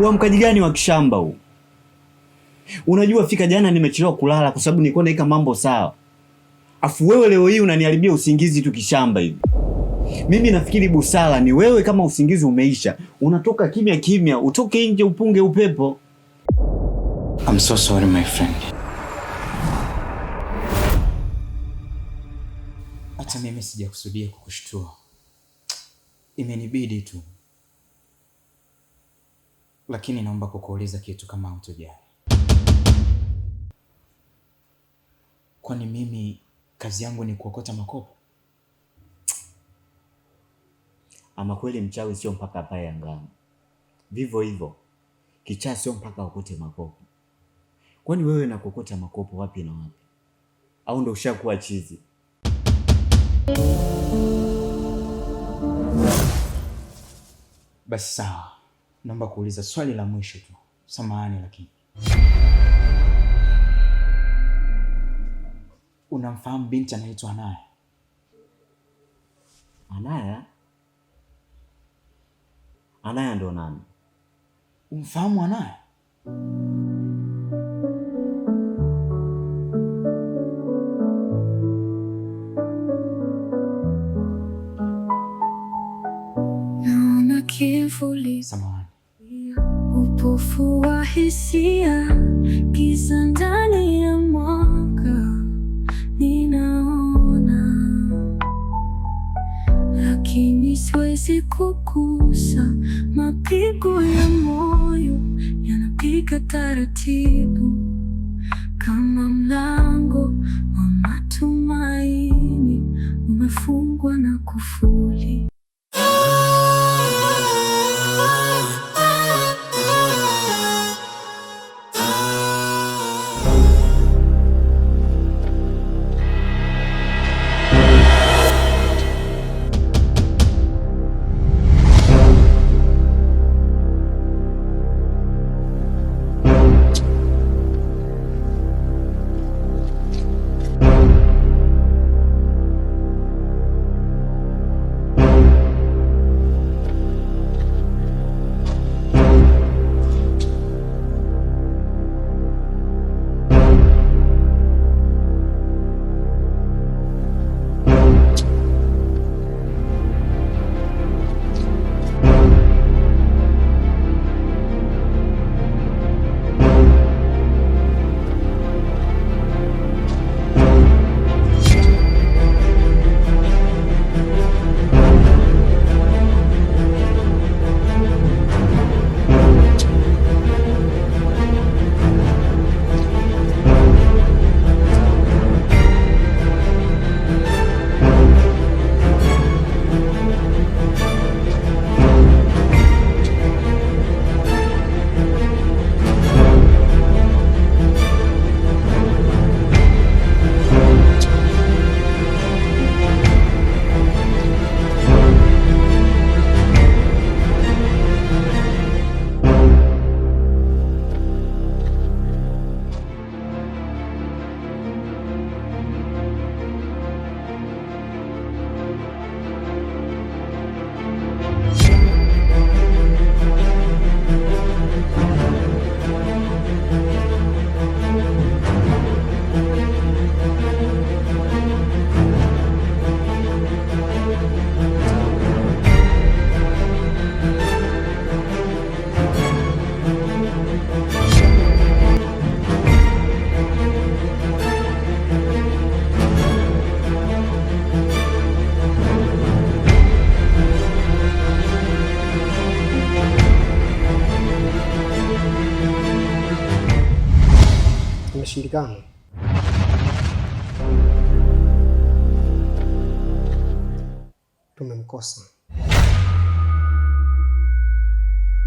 Uamkaji gani wa kishamba huu? Unajua fika jana nimechelewa kulala kwa sababu nilikuwa naika mambo sawa. Afu wewe leo hii unaniharibia usingizi tu kishamba hivi. Mimi nafikiri busara ni wewe, kama usingizi umeisha, unatoka kimya kimya, utoke nje upunge upepo. I'm so sorry my friend. Hata mimi sijakusudia kukushtua, imenibidi tu lakini naomba kukuuliza kitu kama hautojali. Kwani mimi kazi yangu ni kuokota makopo? Ama kweli mchawi sio mpaka apaye angamu, Vivyo hivyo kichaa sio mpaka okote makopo. Kwani wewe na kuokota makopo wapi na wapi? Au ndo ushakuwa chizi? Basi sawa naomba kuuliza swali la mwisho tu, samahani, lakini unamfahamu binti anaitwa Anaya? Anaya? Anaya ndo nani? Umfahamu Anaya? Samahani upofu wa hisia, giza ndani ya mwanga ninaona, lakini siwezi kugusa. Mapigo ya moyo yanapiga taratibu, kama mlango wa matumaini umefungwa na kufuli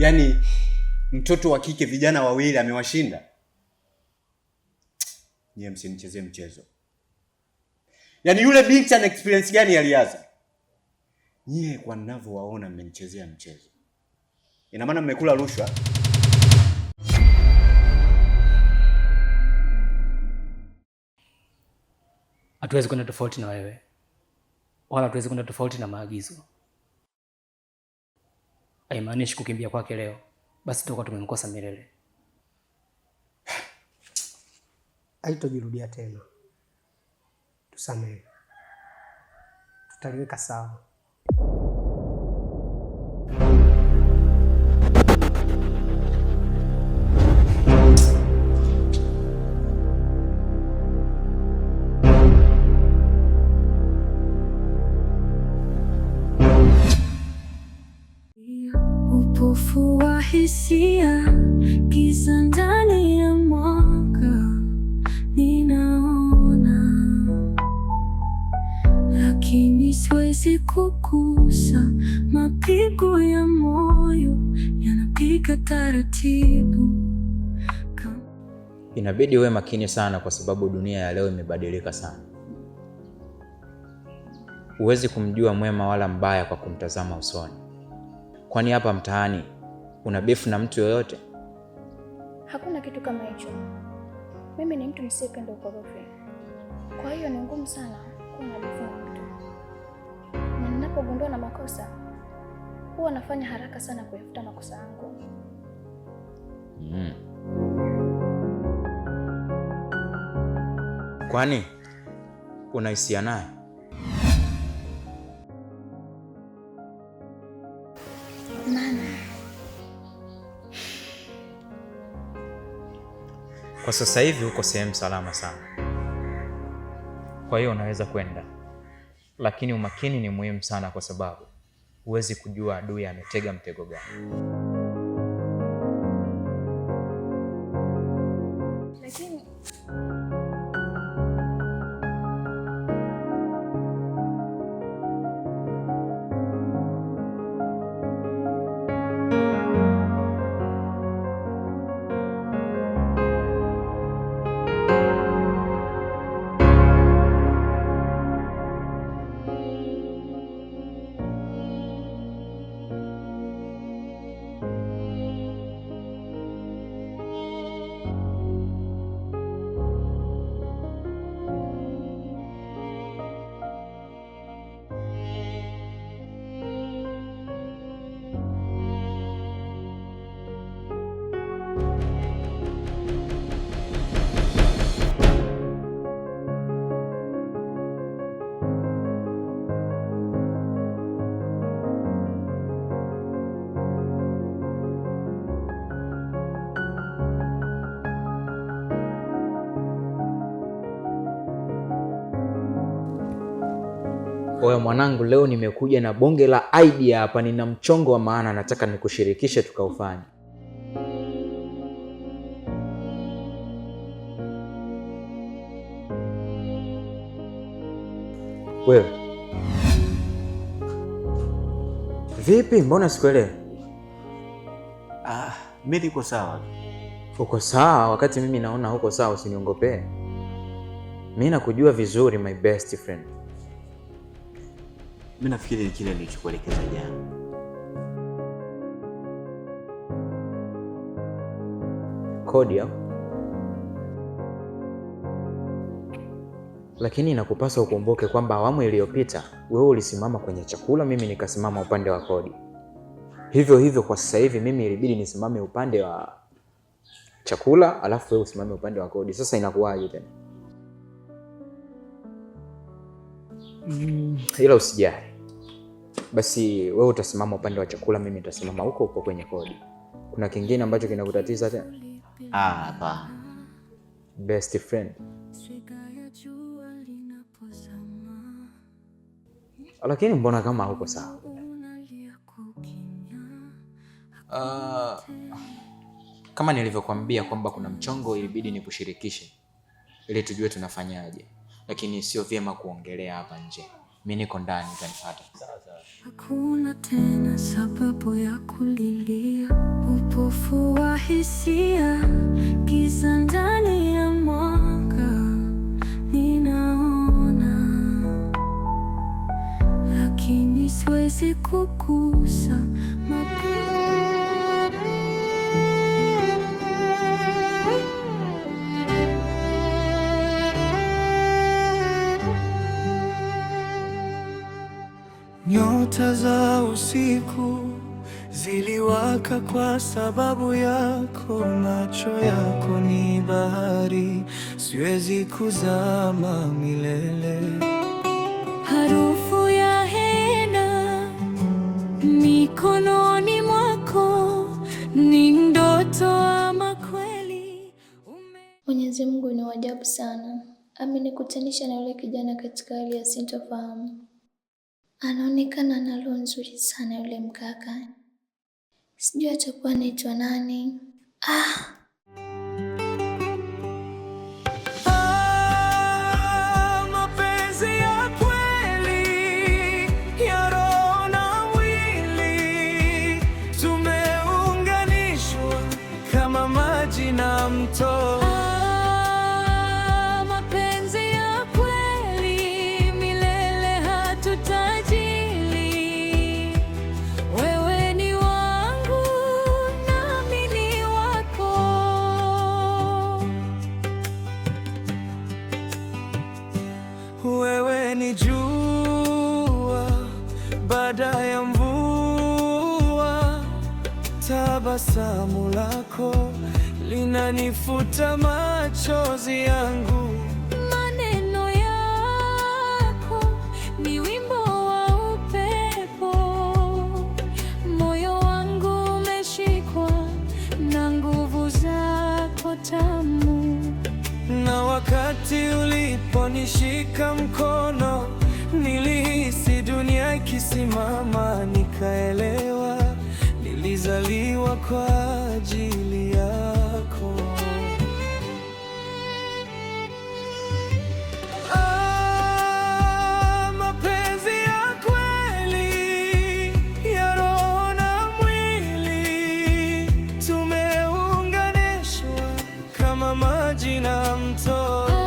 yaani mtoto wa kike vijana wawili amewashinda. Nyie msinichezee mchezo. Yaani yule binti ana experience gani aliaza Nyie kwa ninavyowaona mmenichezea mchezo, ina maana mmekula rushwa. Hatuwezi kwenda tofauti na wewe, wala hatuwezi kwenda tofauti na maagizo haimaanishi kukimbia kwake leo basi tutakuwa tumemkosa milele. Haitojirudia tena, tusamehe, tutaliweka sawa. hisia, giza ndani ya mwanga ninaona, lakini siwezi kugusa. Mapigo ya moyo yanapiga taratibu. Inabidi uwe makini sana, kwa sababu dunia ya leo imebadilika sana. Huwezi kumjua mwema wala mbaya kwa kumtazama usoni, kwani hapa mtaani Una befu na mtu yoyote? Hakuna kitu kama hicho. Mimi ni mtu nisiyependa ukorofi, kwa hiyo ni ngumu sana kuwa na befu na mtu, na ninapogundua na makosa huwa nafanya haraka sana kuyafuta makosa yangu. Mm. Kwani unahisia naye? Kwa sasa hivi uko sehemu salama sana, kwa hiyo unaweza kwenda, lakini umakini ni muhimu sana, kwa sababu huwezi kujua adui ametega mtego gani. Kwa hiyo mwanangu, leo nimekuja na bonge la idea hapa, nina mchongo wa maana nataka nikushirikishe tukaufanya. Wewe vipi? Mbona sikuelewi? Ah, mimi niko sawa. Uko sawa? Wakati mimi naona huko sawa, usiniongopee. Mimi nakujua vizuri, my best friend. Mimi nafikiri kile nilichokuelekeza jana. Kodi au? Lakini inakupasa ukumbuke kwamba awamu iliyopita wewe ulisimama kwenye chakula, mimi nikasimama upande wa kodi. Hivyo hivyo kwa sasa hivi mimi ilibidi nisimame upande wa chakula, alafu wewe usimame upande wa kodi. Sasa inakuwaje tena? Mm, ila usijali basi wewe utasimama upande wa chakula, mimi nitasimama huko huko kwenye kodi. Kuna kingine ambacho kinakutatiza tena? Ah, pa. Best friend. Lakini mbona kama huko sawa? Uh, kama nilivyokuambia kwamba kuna mchongo ilibidi nikushirikishe ili tujue tunafanyaje, lakini sio vyema kuongelea hapa nje. Mimi niko ndani, Sawa. Hakuna tena sababu ya kulilia, upofu wa hisia, giza ndani ya mwanga ninaona, lakini siwezi kukusa Nyota za usiku ziliwaka kwa sababu yako. Macho yako ni bahari, siwezi kuzama milele. Harufu ya hena mikononi mwako ni ndoto ama kweli? Mwenyezi Mungu ni wajabu sana, amenikutanisha na yule kijana katika hali ya sintofahamu. Anaonekana na roho nzuri sana yule mkaka, sijui atakuwa anaitwa nani. Ah, Alinishika mkono, nilihisi dunia ikisimama, nikaelewa nilizaliwa kwa ajili yako. Ah, ya kweli na mwili, tumeunganishwa kama maji na mto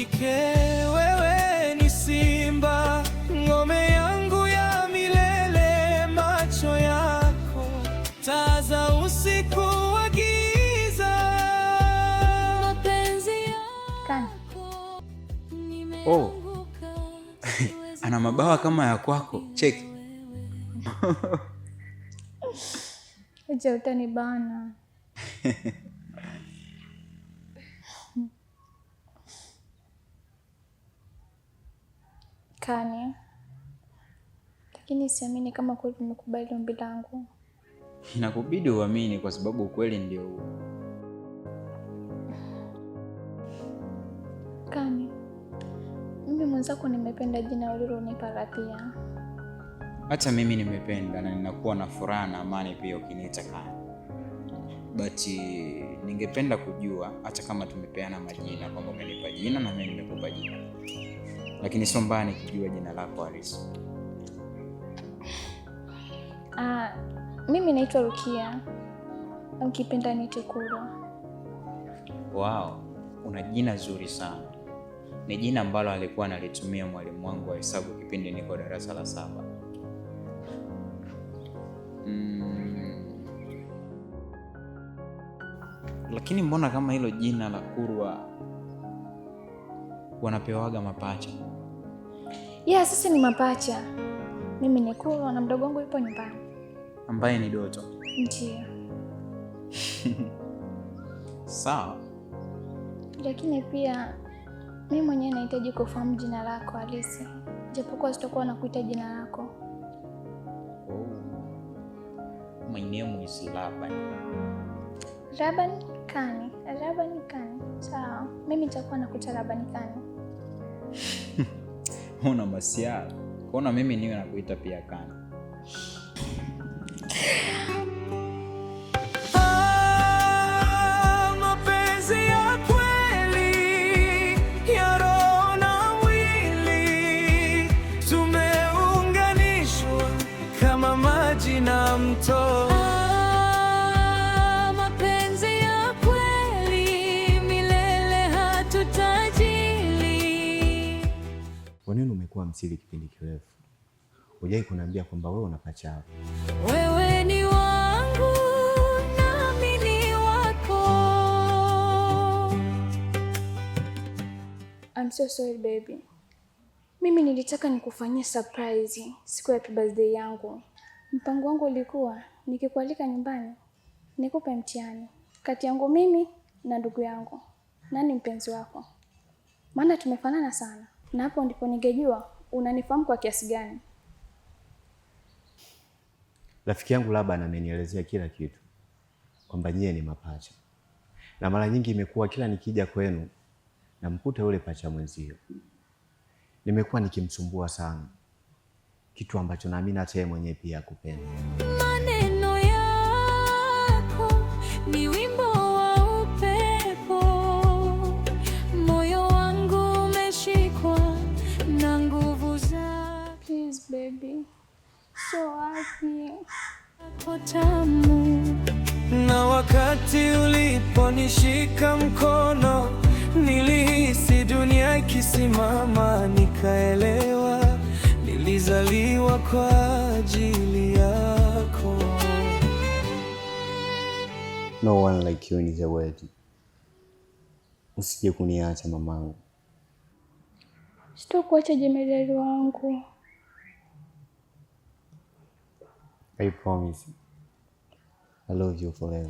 usikike, wewe ni simba, ngome yangu ya milele. Macho yako taa za usiku wa giza, mapenzi yako oh. Ana mabawa kama ya kwako, cheki ucha utanibana kani, lakini siamini kama kweli umekubali ombi langu. Inakubidi uamini kwa sababu ukweli ndio huo. Kani, mimi mwenzako nimependa jina ulilonipa pia. Hata mimi nimependa na ninakuwa na furaha na amani pia ukiniita Kani. But ningependa kujua hata kama tumepeana majina kwamba umenipa jina na mimi nimekupa jina lakini sio mbaya nikijua jina lako halisi. Ah, mimi naitwa Rukia, ukipenda niite Kurwa. Wow, una jina zuri sana. Ni jina ambalo alikuwa analitumia mwalimu wangu wa hesabu kipindi niko darasa la saba. Mm. Lakini mbona kama hilo jina la Kurwa wanapewaga mapacha. Yeah, sisi ni mapacha. Mimi ni kuru na mdogo wangu yupo nyumbani ambaye ni Doto. ndio Sawa, lakini pia mimi mwenyewe nahitaji kufahamu jina lako halisi, japokuwa sitakuwa nakuita jina lako. Oh. My name is Laban. Laban Kani. Laban Kani. Sawa, mimi nitakuwa nakuita Laban Kani una masiara ona mimi niwe nakuita pia Kani. siri kipindi kirefu. Hujai kuniambia kwamba wewe una pachawi. Wewe ni wangu nami ni wako. I'm so sorry baby. Mimi nilitaka nikufanyie surprise siku ya happy birthday yangu. Mpango wangu ulikuwa nikikualika nyumbani nikupe mtihani kati yangu mimi na ndugu yangu, nani mpenzi wako, maana tumefanana sana, na hapo ndipo ningejua unanifahamu kwa kiasi gani? Rafiki yangu Laban amenielezea kila kitu kwamba nyie ni mapacha, na mara nyingi imekuwa kila nikija kwenu namkuta yule pacha mwenzio. Nimekuwa nikimsumbua sana, kitu ambacho naamini hata yeye mwenyewe pia akupenda maneno yako ni uso wake Na wakati uliponishika mkono, nilihisi dunia ikisimama, nikaelewa nilizaliwa kwa ajili yako. No one like you in the world. Usije kuniacha mamangu, sitokuacha jemedari wangu. I promise. I love you forever.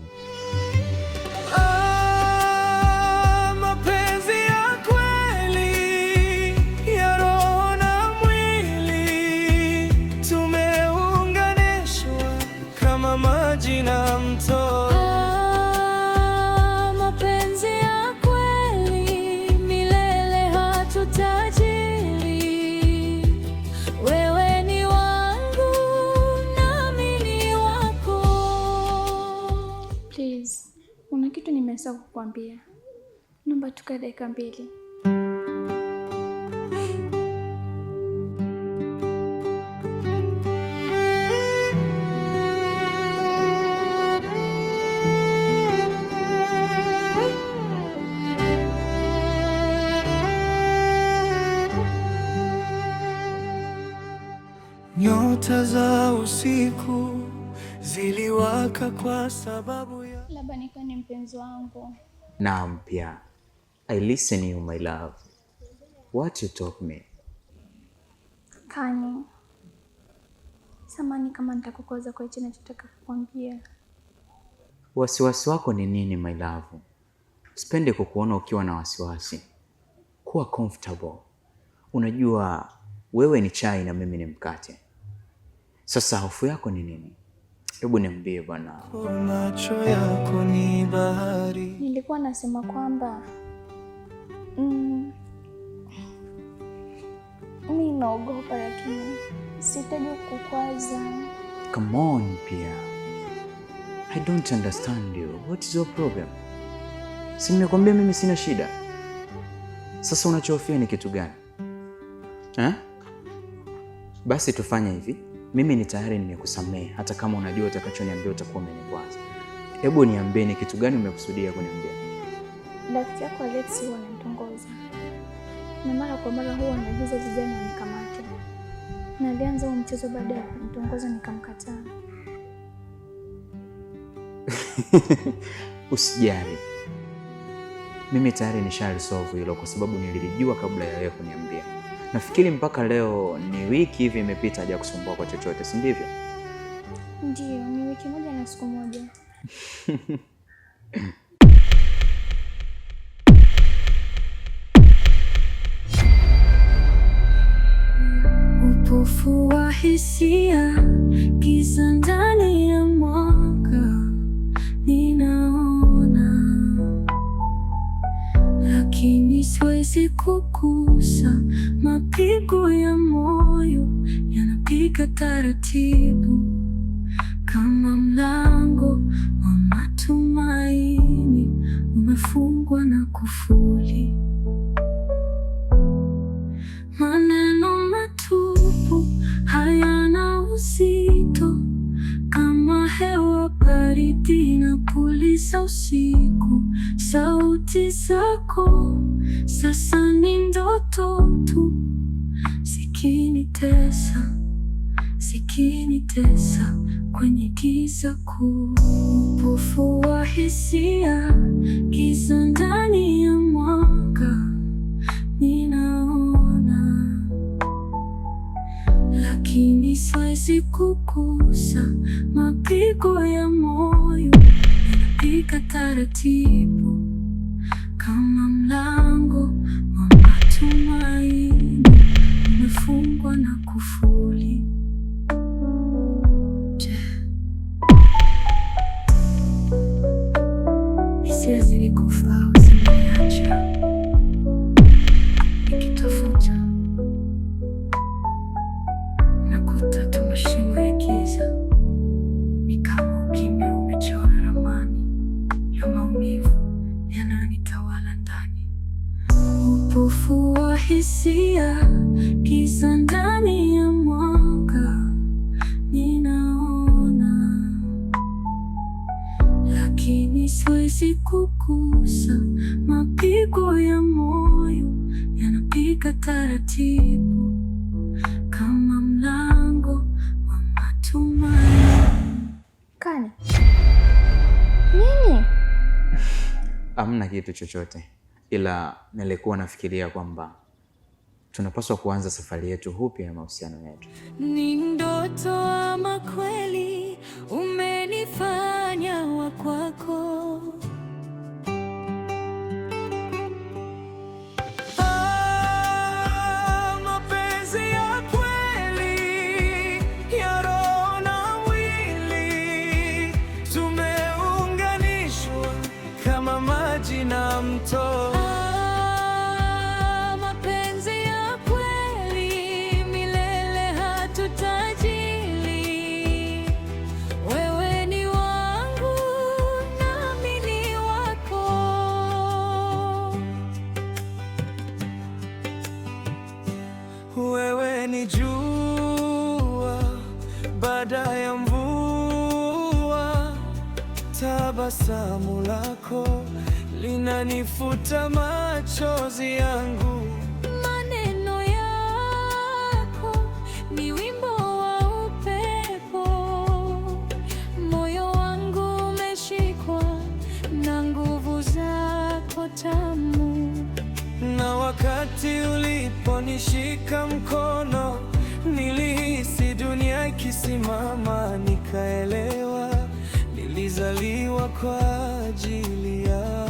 kukwambia, naomba tukae dakika mbili. Nyota za usiku ziliwaka kwa sababu ya labda nikuwa ni mpenzi wangu na mpya. I listen you my love. What you talk me. Kani. Samani kama nitakukoza kwa hicho ninachotaka kukwambia. Wasiwasi wako ni nini my love? Sipende kukuona ukiwa na wasiwasi. Kuwa comfortable. Unajua wewe ni chai na mimi ni mkate. Sasa hofu yako ni nini? Hebu niambie bwana. Macho yako ni bahari nilikuwa nasema kwamba mm, mi naogopa lakini sitaji kukwaza. Come on, Pia. I don't understand you. What is your problem? Si nimekuambia mimi sina shida. Sasa unachohofia ni kitu gani? Ha? Basi tufanye hivi, mimi ni tayari nimekusamehe, hata kama unajua utakachoniambia utakuwa umenikwaza Hebu niambie kitu gani umekusudia kuniambia? Rafiki yako Alex huwa ananitongoza na mara kwa mara huwa anaagiza vijana wanikamate, na alianza huo mchezo baada ya kumtongoza nikamkataa. Usijali, mimi tayari nishalisolve hilo kwa sababu nililijua kabla ya wewe kuniambia. Nafikiri mpaka leo ni wiki hivi imepita haja kusumbua kwa chochote, si ndivyo? Upofu wa hisia, giza ndani ya mwanga ninaona, lakini siwezi kukusa Mapigo ya moyo yanapiga taratibu kama mlango tumaini umefungwa na kufuli, maneno matupu hayana uzito kama hewa baridi na kulisa usiku. Sauti zako sasa kupitia kisa ndani ya mwaka ninaona, lakini siwezi kukusa mapigo ya moyo yanapiga taratibu. uchafu wa hisia, kisa ndani ya mwanga ninaona, lakini siwezi kugusa. Mapigo ya moyo yanapiga taratibu kama mlango wa matumaini. Kani nini? Amna kitu chochote ila nilikuwa nafikiria kwamba tunapaswa kuanza safari yetu upya ya mahusiano yetu. Ni ndoto ama kweli? Umenifanya wa kwako. Tabasamu lako linanifuta machozi yangu, maneno yako ni wimbo wa upepo, moyo wangu umeshikwa na nguvu zako tamu. Na wakati uliponishika mkono, nilihisi dunia ikisimama, nikaelewa nilizaliwa kwa ajili ya